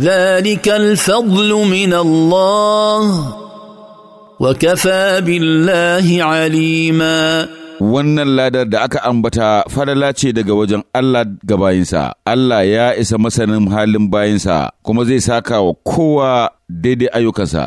ذلك الفضل من الله وكفى بالله عليما wannan ladar da aka ambata farala ce daga wajen Allah ga bayinsa Allah ya isa masanin halin bayinsa kuma zai saka wa kowa daidai ayyukansa